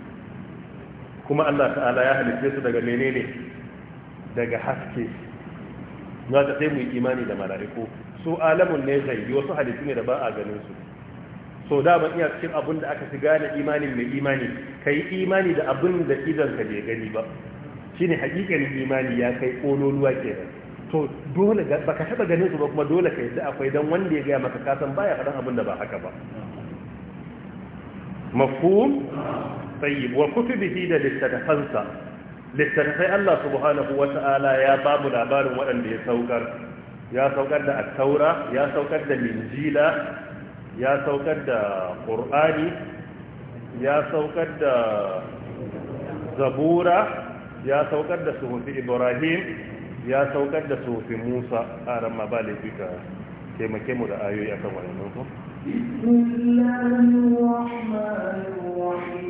kuma Allah ta'ala ya halitta su daga menene daga haske za ta sai mu imani da mala'iku su alamun ne zai wasu halittu ne da ba a ganin su so da ban iya cikin abin da aka fi gane imanin mai imani ka yi imani da abin da idan ka bai gani ba shine hakikar imani ya kai kololuwa ke? to dole ba ka taba ganin su ba kuma dole ka yadda akwai dan wanda ya gaya maka kasan baya faɗan abin da ba haka ba mafhum tsayyib wa kufi bihi da littattafansa littattafai Allah subhanahu wa ta'ala ya ba labarin waɗanda ya saukar ya saukar da attaura ya saukar da minjila ya saukar da qur'ani ya saukar da zabura ya saukar da suhufi ibrahim ya saukar da suhufi musa a ramma ba da taimake mu da ayoyi a kan wani nufin. Bismillahirrahmanirrahim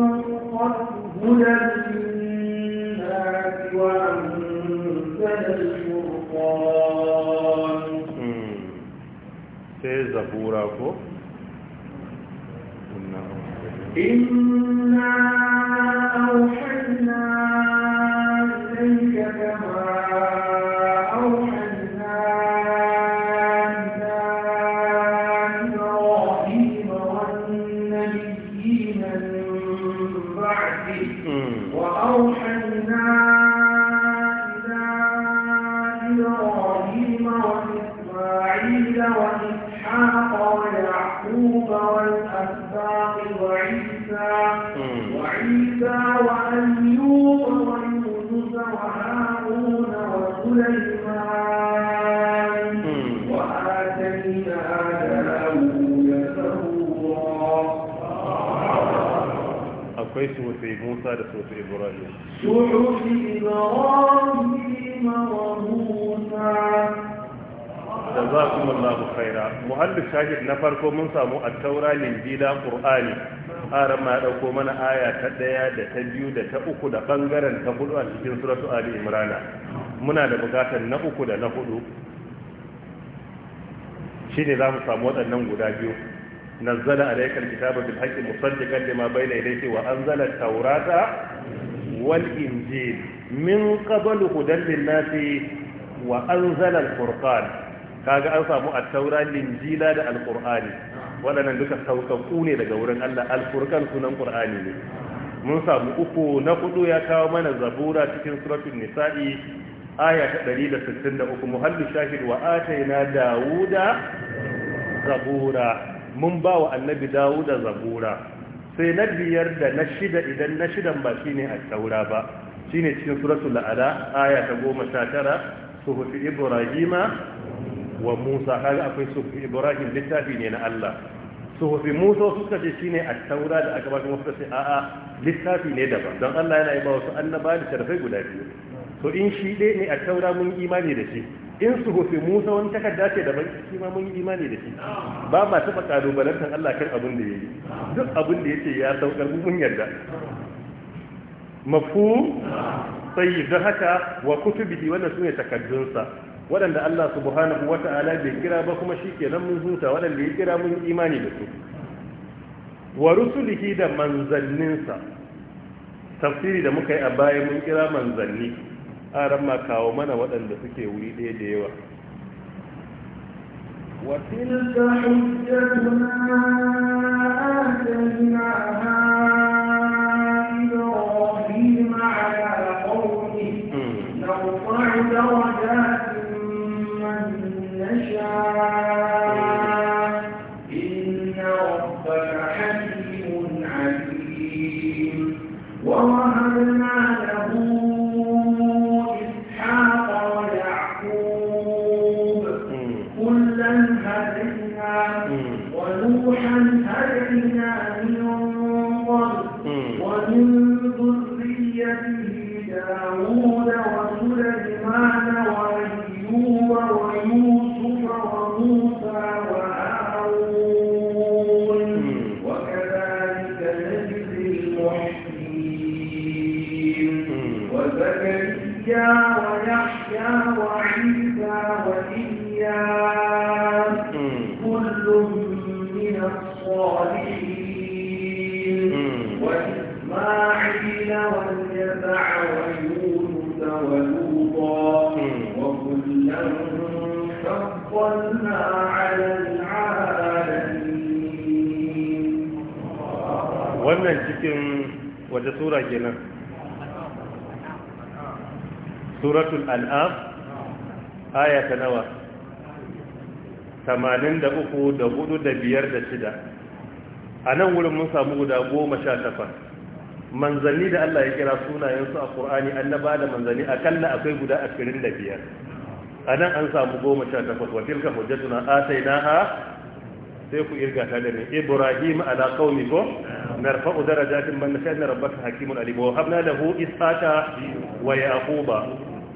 Hmm. sai zabura ko inna mahallu shahid na farko mun samu taurarin jila qur'ani har ma dauko mana aya ta daya da ta biyu da ta uku da bangaren ta hudu a cikin suratu ali imrana muna da bukatar na uku da na hudu shine za mu samu waɗannan guda biyu nazzala alayka kitabu bil haqqi musaddiqan lima bayna yadayhi wa anzala at-taurata wal injil min qablu hudan lin-nasi wa anzala al-furqan kaga an samu at-taura linjila da Alƙur'ani. waɗannan duka sauƙaƙu ne daga wurin Allah alfurkan sunan qur'ani ne mun samu uku na hudu ya kawo mana zabura cikin suratul nisa'i aya ta 163 muhallu shahid wa na dawuda zabura mun ba wa annabi dawuda zabura sai na biyar da na shida idan na shidan ba shine at-taura ba shine cikin suratul la'ala aya ta 19 suhufi ibrahima wa Musa kaga akwai sufi Ibrahim littafi ne na Allah sufi Musa suka ce shine at-taura da aka ba su sai ce a'a littafi ne daban don Allah yana yi ba wasu annaba da sharafai guda biyu to in shi dai ne at-taura mun imani da shi in sufi Musa wani takarda ce daban shi ma mun imani da shi ba ma taba kalubalantar Allah kan abin da yake duk abin da yake ya saukar mun yarda mafhum tayyib don haka wa kutubihi wannan sune takaddunsa waɗanda Allah subhanahu wa ta'ala bai kira ba kuma shi kenan mun huta waɗanda ya kira mun imani da su wa rusulihi da manzanninsa tafsiri da muka yi a baya mun kira manzanni a ramma kawo mana waɗanda suke wuri ɗaya da yawa وتلك حجتنا آتيناها wata sura ke nan. suratul al'af aya ta nawa 83 da 4 da 5 da 6 a nan wurin mun samu guda 18 manzanni da Allah ya kira sunayensu a Qur'ani annaba da manzanni akalla akwai guda 25 a nan an samu goma sha 18 wa tilka hujjatuna A sai ku irga ta da ne Ibrahim ala kauni ko نرفع درجات من نشاء ربك حكيم عليم ووهبنا له اسحاق ويعقوب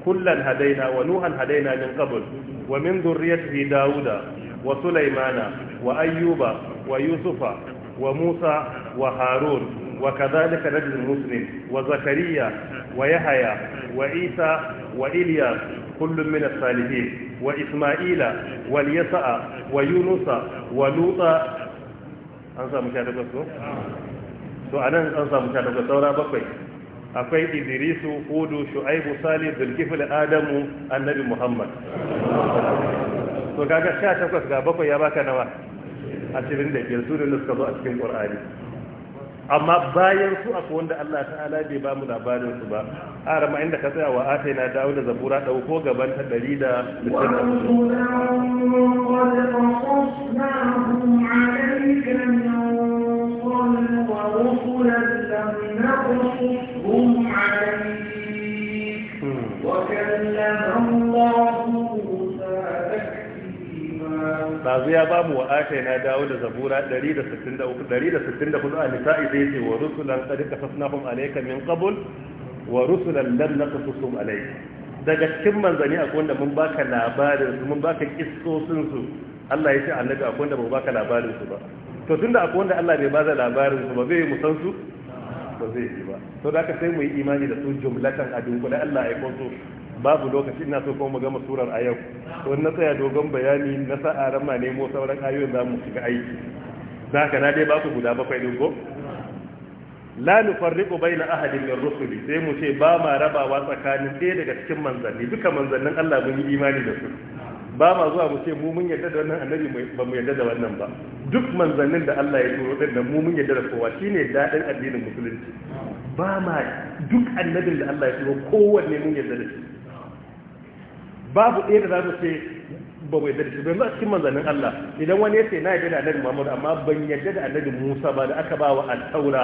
كلا هدينا ونوحا هدينا من قبل ومن ذريته داود وسليمان وأيوب ويوسف وموسى وهارون وكذلك نجد المسلم وزكريا ويحيى وعيسى وإلياس كل من الصالحين وإسماعيل واليسع ويونس ولوطا مشاهدة to anan an samu ta daga saura bakwai akwai idrisu hudu shu'aibu salih zulkifil adamu annabi muhammad to kaga sha takwas ga bakwai ya baka nawa cikin da biyar su da suka zo a cikin qur'ani amma bayan su akwai wanda Allah ta'ala bai ba mu labarin su ba a rama inda ka tsaya wa ataina dawo da zabura ko gaban ta ɗari da mutum رسلا لم نقصهم عليك وكلم الله bazu ya ba mu wa'ashe na dawo da zabura 163 a nisa zai ce wa rusulan tsarika fasnahun alaikan min kabul wa rusulan lam na kasusun alaikan daga cikin manzani akwai wanda mun baka labarinsu mun baka kistosinsu allah ya ce annabi akwai wanda mun baka labarinsu ba to da akwai wanda Allah bai bada labarin su ba zai yi musan su ba zai yi ba to da aka sai mu yi imani da su jumlatan a da Allah ya aiko su babu lokaci ina so kuma mu gama surar a yau to na tsaya dogon bayani na sa'a ramma ne nemo sauran ayoyin za mu shiga aiki da haka na dai ba ku guda bakwai din ko la nufarriqu baina ahadin min rusuli sai mu ce ba ma rabawa tsakanin ɗaya daga cikin manzanni duka manzannin Allah mun yi imani da su ba ma zuwa mu ce mu mun yarda da wannan annabi ba mu yarda da wannan ba duk manzannin da Allah ya turo da mu mun yarda da kowa shine dadin addinin musulunci ba ma duk annabin da Allah ya turo kowanne mun yarda da shi babu ɗaya da za mu ce ba mai dadi ba a cikin manzannin Allah idan wani yace na yadda da annabi Muhammad amma ban yadda da annabi Musa ba da aka ba wa al-Taura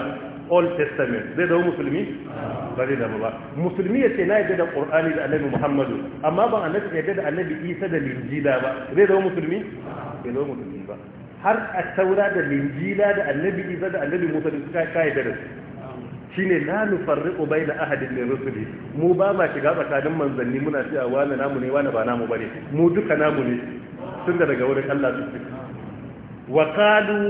Old Testament zai zama musulmi ba zai zama ba musulmi yace na yadda da Qur'ani da annabi Muhammad amma ban annabi yadda da annabi Isa da Injila ba zai zama musulmi zai zama musulmi ba har a taura da linjila da annabi isa da annabi musa da suka kai da shine la nufarriqu baina ahadin min rusuli mu ba ma shiga tsakanin manzanni muna cewa wani namu ne wani ba namu bane mu duka namu ne tun da daga wurin Allah su wa qalu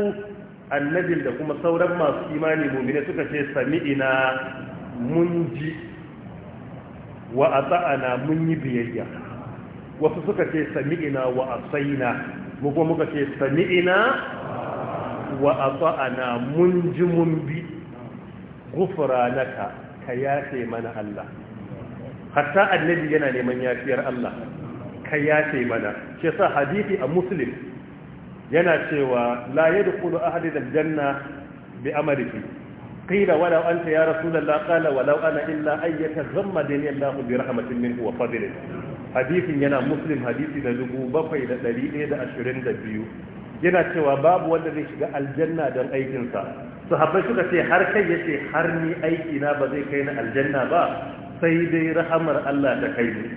annabin da kuma sauran masu imani mu'mine suka ce sami'ina mun ji wa ata'ana mun yi biyayya wasu suka ce sami'ina wa asaina mu kuma muka ce sami'ina wa ata'ana mun ji mun bi naka, ka yafe mana Allah hatta annabi yana neman yafiyar Allah ka yafe mana shi yasa hadisi a muslim yana cewa la yadkhulu ahadun aljanna bi amalihi qila wala anta ya rasulullah qala wala ana illa an yatazammadani Allah bi rahmatin minhu wa fadlihi hadisin yana muslim hadisi da 7122 yana cewa babu wanda zai shiga aljanna don aikinsa sahabbai suka ce har kai yace har ni aiki na ba zai kai na aljanna ba sai dai rahamar Allah ta kai ni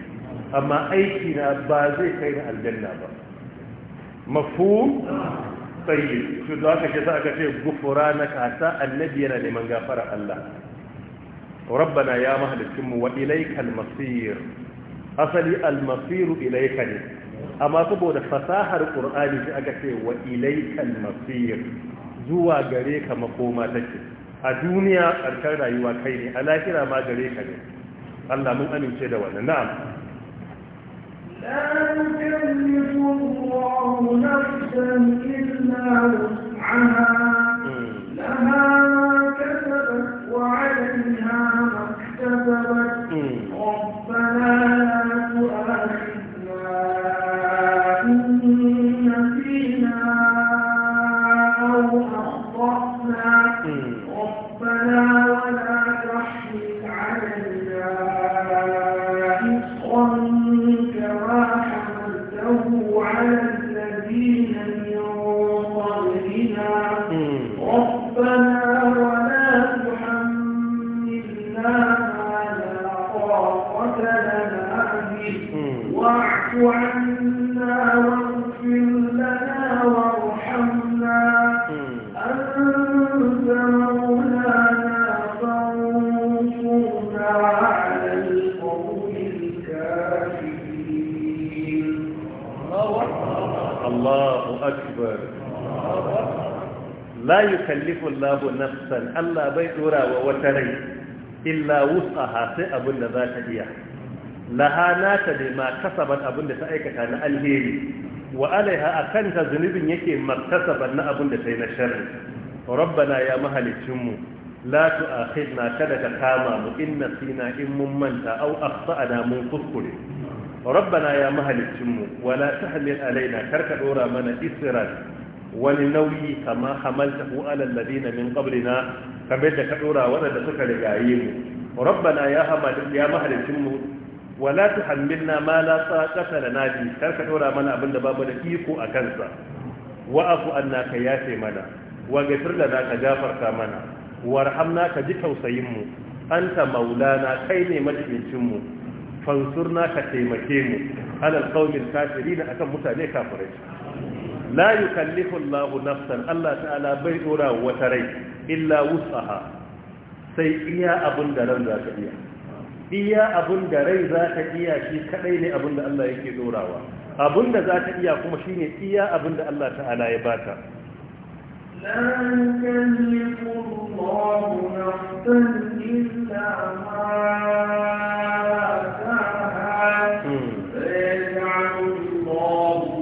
amma aiki na ba zai kai na aljanna ba mafhum tayyib shi da aka ce za aka ce gufranaka ta annabi yana neman gafarar Allah rabbana ya mahalikin mu wa ilaykal masir asali al masir ne amma saboda fasahar qur'ani sai aka ce wa ilaykal masir zuwa gare ka makoma take a duniya karkar rayuwa kai ne a lahira ma gare ka ne Allah mun amince da wannan na'am لا الله نفسا إلا وسعها كسبت وعليها ما اكتسبت ربنا لا la kalli Allahu nafsan Allah bai dora wa wata rai illa wusa sai abin da za ta iya laha nata ma kasaban abin da ta aikata na alheri wa alaiha a kanta zunubin yake martasaban na abin da ta yi na sharri rabbana ya mahalicinmu la tu'akhidna kada ka kama mu in nasina in mun manta au a mun kuskure rabbana ya mahalicinmu wala tahmil alaina karka dora mana isran wani nauyi kama hamaltahu alal ladina min qablina kamar da ka dora waɗanda suka rigaye mu rabbana ya hamal ya mahalicin mu wala tuhammilna ma la taqata lana bi kar ka dora mana abin da babu da iko a kansa wa afu anna ka yafe mana wa gafir lana ka gafarta mana warhamna ka ji tausayin mu anta maulana kai ne majibincin mu fansurna ka taimake mu alal qaumil kafirin akan mutane kafirai la yukallifu Allah nafsan Allah ta'ala bai dora wata rai illa wusaha sai iya abin da ran za ta iya iya abin da rai za ta iya shi kadai ne abin da Allah yake dorawa abin da za ta iya kuma shi ne iya abin da Allah ta'ala ya bata لا يكلف الله نفسا إلا ما آتاها سيجعل الله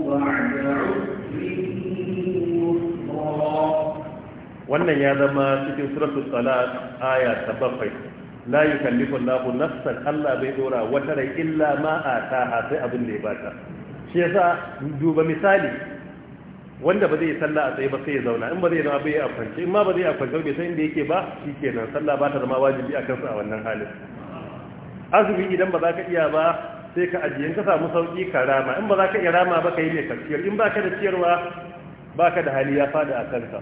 wannan ya zama cikin suratul salat aya ta bakwai la yukallifu Allahu nafsan Allah bai dora wata rai illa ma ataha sai abin da ya bata shi yasa duba misali wanda ba zai yi sallah a tsaye ba sai ya zauna in ba zai zama bai a kwance in ma ba zai a kwance bai san inda yake ba shikenan sallah ba ta zama wajibi akan su a wannan halin azumi idan ba za ka iya ba sai ka ajiye ka samu sauki ka rama in ba za ka iya rama ba ka yi mai kaciyar in ba ka da ciyarwa ba ka da hali ya fada a kanka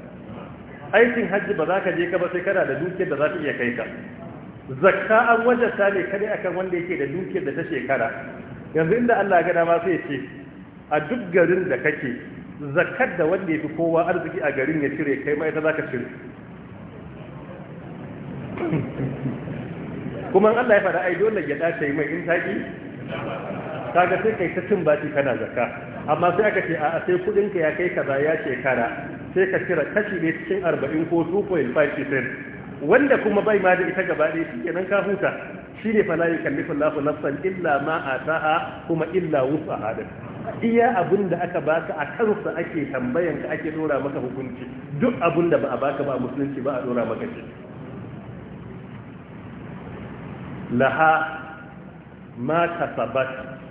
aikin hajji ba za ka je ka ba sai kana da dukiyar da za ta iya kai ka zakka an wajata ne kare akan wanda yake da dukiyar da ta shekara yanzu inda Allah ya gada ma sai ce a duk garin da kake zakkar da wanda yafi kowa arziki a garin ya cire kai ma ita ka cire [LAUGHS] kuma Allah ya faɗa ai dole ya dace mai in taki kaga sai kai ta cin baki kana zakka amma sai aka ce a sai kudin ka ya kai kaza ya shekara sai ka cira kashi ne cikin arba'in ko 2.5% wanda kuma bai ma da ita gaba ɗaya shi kenan ka huta shi ne fa la yukallifu Allahu nafsan illa ma ataha kuma illa wus'aha da iya abin da aka baka a kansa ake tambayan ka ake dora maka hukunci duk abin da ba a baka ba musulunci ba a dora maka shi laha ma kasabat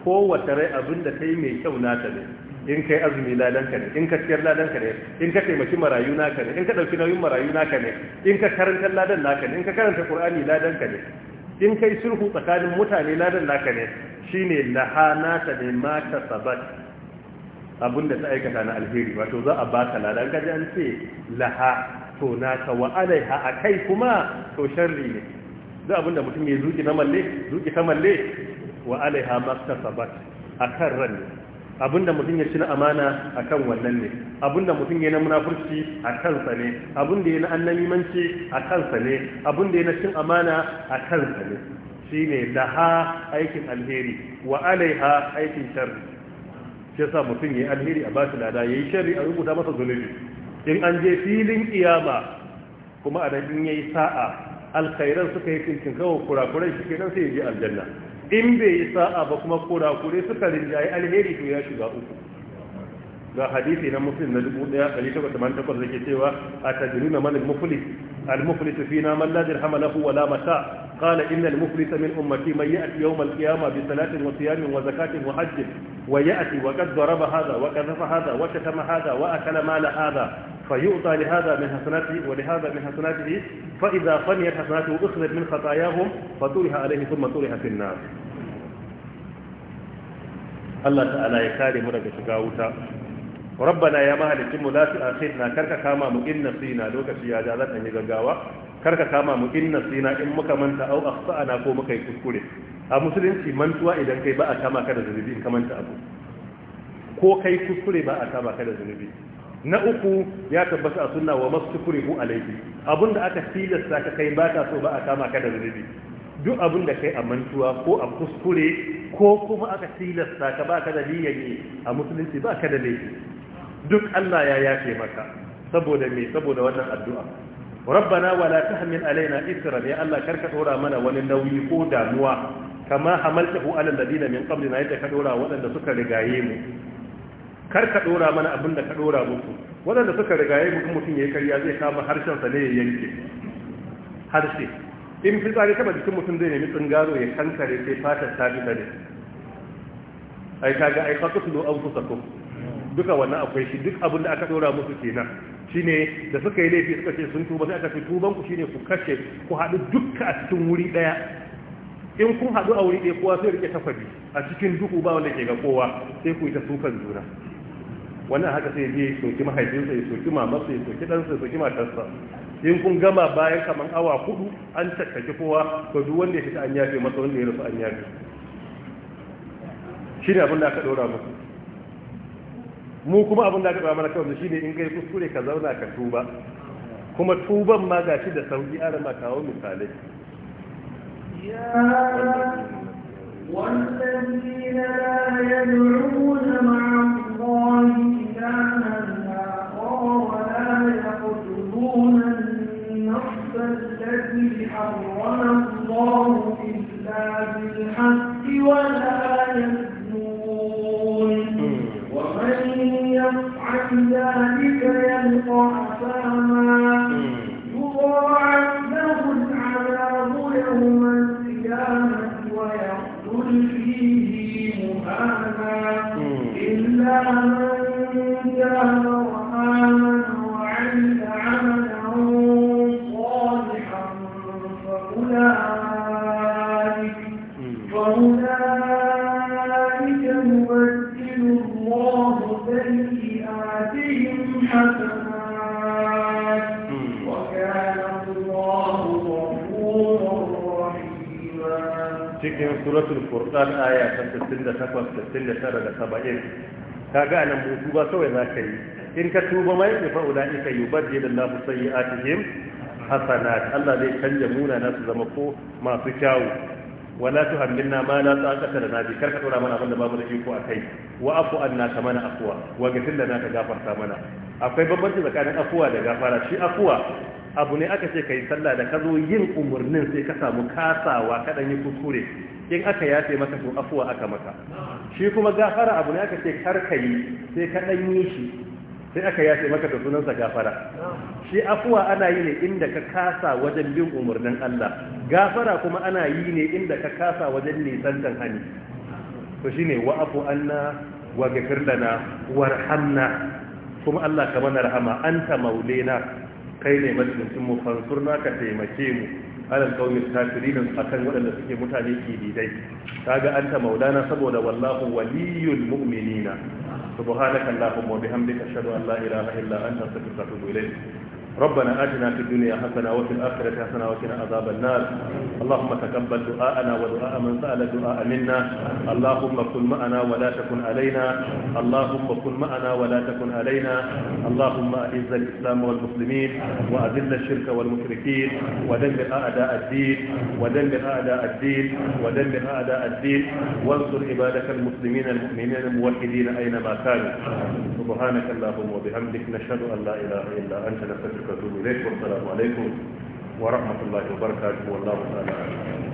kowace rai abin da ta yi mai kyau nata ne in kai azumi ladanka ne in ka ciyar ladanka ne in ka taimaki marayu naka ne in ka ɗauki nauyin marayu naka ne in ka karanta ladan naka ne in ka karanta ƙur'ani ladanka ne in kai sulhu tsakanin mutane ladan naka ne shine lahanata ne ma ta sabat abin da ta aikata na alheri wato za a baka ladan ka ji an ce laha to naka wa alaiha kai kuma to sharri ne duk abinda mutum ya zuƙi na malle Zuƙi ta malle wa alaiha ma ta sabat kan ran ne abinda mutum ya ci amana a kan wannan ne abinda mutum ya na munafurci a kansa ne abinda ya na annamimanci a kansa ne abinda ya na cin amana a kansa ne Shi shine ha aikin alheri wa alaiha aikin sharri shi sa mutum ya yi alheri a basu lada ya yi sharri a rubuta masa zunubi in an je filin iyama, kuma a in ya yi sa'a alkhairan suka yi cikin kawo kurakurai shi kenan sai ya je aljanna in bai yi sa'a ba kuma kurakure suka rinjaye alheri to ya shiga uku ga hadisi na muslim na 1888 zake cewa a na manin mukulis المفلس فينا من لا درهم له ولا متاع قال إن المفلس من أمتي من يأتي يوم القيامة بصلاة وصيام وزكاة وحج ويأتي وقد ضرب هذا وكذف هذا وشتم هذا وأكل مال هذا فيؤتى لهذا من حسناته ولهذا من حسناته فإذا فنيت حسناته أخذت من خطاياهم فطرح عليه ثم طرح في النار الله تعالى ya kare mu rabbana ya mahalicin mu la tu'akhidna karka kama mu in nasina lokaci ya ja zan yi gaggawa karka kama mu in nasina in muka manta au akhtana ko muka yi kuskure a musulunci mantuwa idan kai ba a kama ka da zunubi in ka manta abu ko kai kuskure ba a kama ka da zunubi na uku ya tabbata a sunna wa masu mastukurihu alayhi abinda aka tilasta ka kai ba ta so ba a kama ka da zunubi duk abin da kai a mantuwa ko a kuskure ko kuma aka tilasta ka ba ka da niyyar a musulunci ba ka da laifi duk Allah ya yafe maka saboda me saboda wannan addu'a rabbana wala tahmil alaina isra ya Allah karka dora mana wani nauyi ko damuwa kama hamaltahu alal ladina min qablina yadda ka dora waɗanda suka rigaye mu karka dora mana abin da ka dora muku waɗanda suka rigaye mu kuma mutum yayi karya zai kama harshen sa ne ya yanke harshe in fitsari taba jikin mutum zai nemi tsingaro ya kankare sai fatar ta bi da ai kaga ai fatulu anfusakum duka wannan akwai shi duk abin da aka dora musu kenan shine da suka yi laifi suka ce sun tuba sai aka ce tuban ku shine ku kashe ku haɗu duka a cikin wuri ɗaya in kun haɗu a wuri ɗaya kowa sai rike tafabi a cikin duhu ba wanda ke ga kowa sai ku yi ta sukan juna wannan haka sai je soki mahaifinsa ya soki mamarsa ya soki ɗansa ya soki matarsa in kun gama bayan kamar awa hudu an tattaki kowa to duk wanda ya fita an yafe masa wanda ya rufe an yafe shi ne abin da aka ɗora musu. mu kuma abin da aka ba mana kawai shine in kai kuskure ka zauna ka tuba kuma tuban ma shi da sauki ara ma kawo misalai والذين لا يدعون حرم الله إلا بالحق ولا ذلك يلقى أثاما suratul furqan aya ta 68 69 da 70 kaga nan mu ba kawai za ka yi in ka tuba mai ulai ka ulaika Allahu sayiatihim hasanat Allah zai canja munana su zama ko masu kyawu wala hamminna ma la taqata lana bi karka tura mana abinda babu da iko akai wa afu anna kama na afwa wa gatin lana ka gafarta mana akwai bambanci tsakanin afuwa da gafara shi afuwa abu ne aka ce kai sallah da ka zo yin umurnin sai ka samu kasawa kadan yi kuskure in aka yafe maka to afuwa aka maka shi kuma gafara abu ne aka ce karkayi sai ka dan yi shi sai aka yafe maka da sunansa gafara shi afuwa ana yi ne inda ka kasa wajen bin umarnin Allah gafara kuma ana yi ne inda ka kasa wajen nisantan hani to shine wa afu anna wa ghafir lana warhamna kuma Allah ka mana rahama anta maulena kai ne mutum mu fansurna ka taimake mu alal qawmil kafirin akan waɗanda suke mutane kididai kaga anta maulana saboda wallahu waliyul mu'minina subhanaka allahumma wa bihamdika ashhadu an la ilaha illa anta astaghfiruka wa atubu ilayk ربنا آتنا في الدنيا حسنة وفي الآخرة حسنة وقنا عذاب النار اللهم تقبل دعاءنا ودعاء من سأل دعاء منا اللهم كن معنا ولا تكن علينا اللهم كن معنا ولا تكن علينا اللهم أعز الإسلام والمسلمين وأذل الشرك والمشركين ودمر أعداء الدين ودمر أعداء الدين ودمر أعداء الدين وانصر عبادك المسلمين المؤمنين الموحدين أينما كانوا سبحانك اللهم وبحمدك نشهد أن لا إله إلا أنت نستغفرك barakatuhu. Alaikun salamu alaikun wa rahmatullahi wa barakatuhu. Wallahu ta'ala.